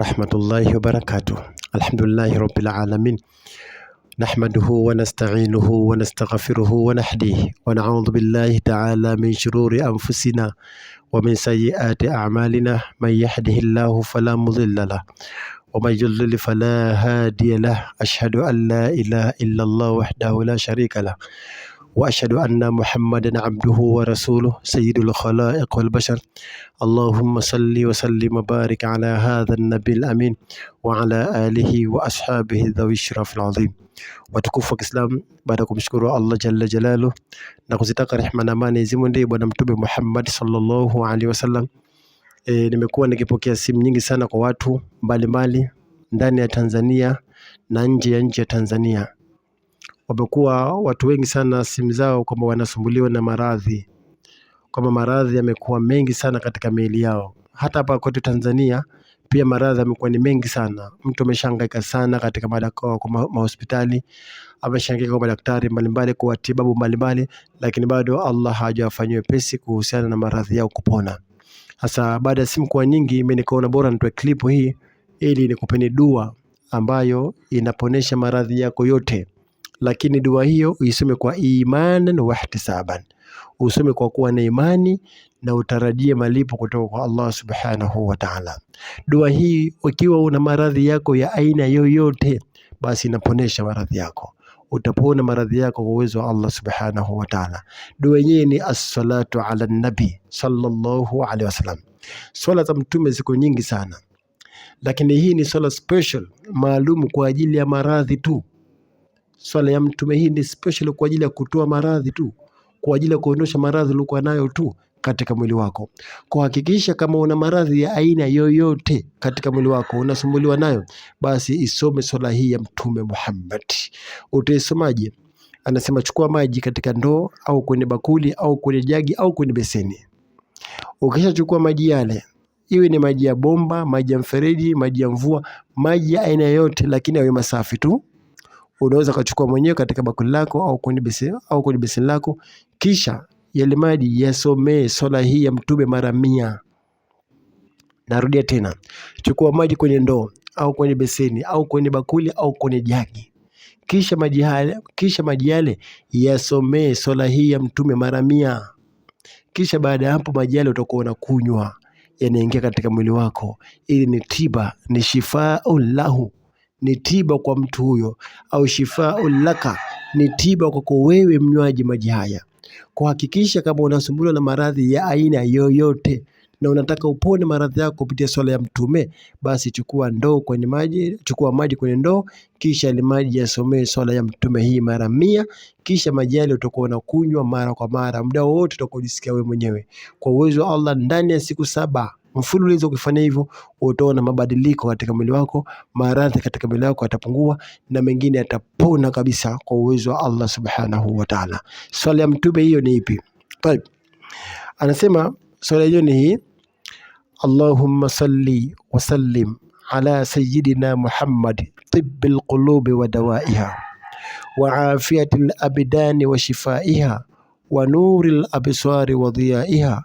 رحمة الله وبركاته الحمد لله رب العالمين نحمده ونستعينه ونستغفره ونحديه ونعوذ بالله تعالى من شرور أنفسنا ومن سيئات أعمالنا من يهده الله فلا مضل له ومن يضلل فلا هادي له أشهد أن لا إله إلا الله وحده لا شريك له واشهد ان محمدا عبده ورسوله سيد الخلائق والبشر اللهم صل وسلم وبارك على هذا النبي الامين وعلى اله واصحابه ذوي الشرف العظيم watukufu wa Kiislamu, baada ya kumshukuru Allah jalla jalalu na kuzitaka rehma na amani zimwendee Bwana Mtume Muhammad sallallahu alaihi wasallam. E, nimekuwa nikipokea simu nyingi sana kwa watu mbalimbali ndani ya Tanzania na nje ya nje ya Tanzania wamekuwa watu wengi sana simu zao kwamba wanasumbuliwa na maradhi, kwamba maradhi yamekuwa mengi sana katika miili yao. Hata hapa kwetu Tanzania pia maradhi yamekuwa ni mengi sana. Mtu ameshangaika sana katika mahospitali, ameshangaika kwa madaktari mbalimbali kwa tibabu mbalimbali, lakini bado Allah hajawafanyia wepesi kuhusiana na maradhi yao kupona. Sasa baada ya simu kuwa nyingi, mimi nikaona bora nitoe klipu hii ili nikupeni dua ambayo inaponesha maradhi yako yote lakini dua hiyo uisome kwa imanan wahtisaban, useme kwa kuwa na imani na utarajie malipo kutoka kwa Allah subhanahu wa ta'ala. Dua hii ukiwa una maradhi yako ya aina yoyote, basi inaponesha maradhi yako, utapona maradhi yako kwa uwezo wa Allah subhanahu wa ta'ala. Dua yenyewe ni as-salatu ala nabi sallallahu alaihi wasallam. Swala za mtume ziko nyingi sana, lakini hii ni swala special maalum kwa ajili ya maradhi tu swala ya mtume hii ni special kwa ajili ya kutoa maradhi tu, kwa ajili ya kuondosha maradhi uliokuwa nayo tu katika mwili wako. Kwa hakikisha kama una maradhi ya aina yoyote katika mwili wako unasumbuliwa nayo, basi isome swala hii ya Mtume Muhammad. Utaisomaje? Anasema chukua maji katika ndoo au kwenye bakuli au kwenye jagi au kwenye beseni. Ukishachukua maji yale, iwe ni maji ya bomba, maji ya mfereji, maji ya mvua, maji ya aina yoyote, lakini yawe masafi tu unaweza kuchukua mwenyewe katika bakuli lako au kwenye beseni au kwenye beseni lako, kisha yale maji yasomee sala hii ya Mtume mara mia. Narudia tena, chukua maji kwenye ndoo au kwenye beseni au kwenye bakuli au kwenye jagi, kisha maji yale kisha maji yale yasomee sala hii ya Mtume mara mia. Kisha baada ya hapo maji yale utakuwa unakunywa, yanaingia katika mwili wako. Ili ni tiba, ni shifaa lahu ni tiba kwa mtu huyo, au shifaun laka, ni tiba kwako wewe mnywaji maji haya. Kuhakikisha kama unasumbuliwa na maradhi ya aina yoyote na unataka upone maradhi yako kupitia swala ya Mtume, basi chukua ndoo kwenye maji, chukua maji kwenye ndoo, kisha ile maji yasomee swala ya Mtume hii mara mia, kisha maji yale utakuwa unakunywa mara kwa mara, muda wote utakuwa wewe mwenyewe kwa uwezo wa Allah ndani ya siku saba Mfululizo ukifanya hivyo, utaona mabadiliko katika mwili wako, maradhi katika mwili wako yatapungua na mengine yatapona kabisa kwa uwezo wa Allah subhanahu wa ta'ala. Swala ya mtume hiyo ni ipi? Tayeb, anasema swala hiyo ni hii, Allahumma salli wa sallim ala sayyidina Muhammad tibbil qulubi wa dawaiha wa afiyatil abdani wa shifaiha wa nuril abswari wa dhiyaiha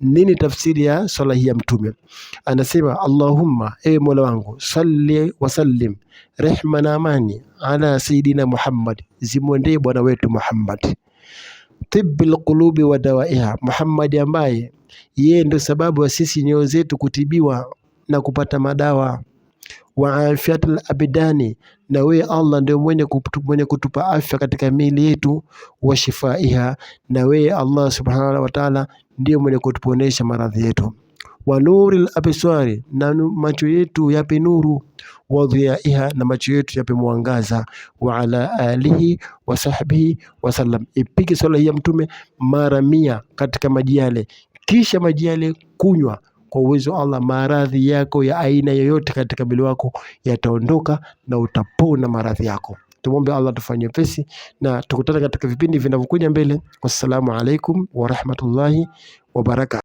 Nini tafsiri ya swala hii ya Mtume? Anasema, Allahumma, ewe Mola wangu, salli wasallim, rehma na amani, ala sayidina Muhammad, zimwendee bwana wetu Muhammad, tibbil qulubi wa dawaiha, Muhammad ambaye yeye ndio sababu ya sisi nyoyo zetu kutibiwa na kupata madawa, wa afiatul abdani, na wewe Allah ndio mwenye kutupa, mwenye kutupa afya katika miili yetu, wa shifaiha, na wewe Allah subhanahu wa ta'ala ndio mwenye kutuponesha maradhi yetu wa nuril abiswari, na macho yetu yape nuru, wa dhiaiha, na macho yetu yape mwangaza, wa ala alihi wa sahbihi wasallam. Ipige swala hii ya mtume mara mia katika maji yale, kisha maji yale kunywa kwa uwezo wa Allah maradhi yako ya aina yoyote katika mwili wako yataondoka na utapona maradhi yako. Tumwombe Allah tufanye pesi na tukutane katika vipindi vinavyokuja mbele. Wassalamu alaikum warahmatullahi wabarakatu.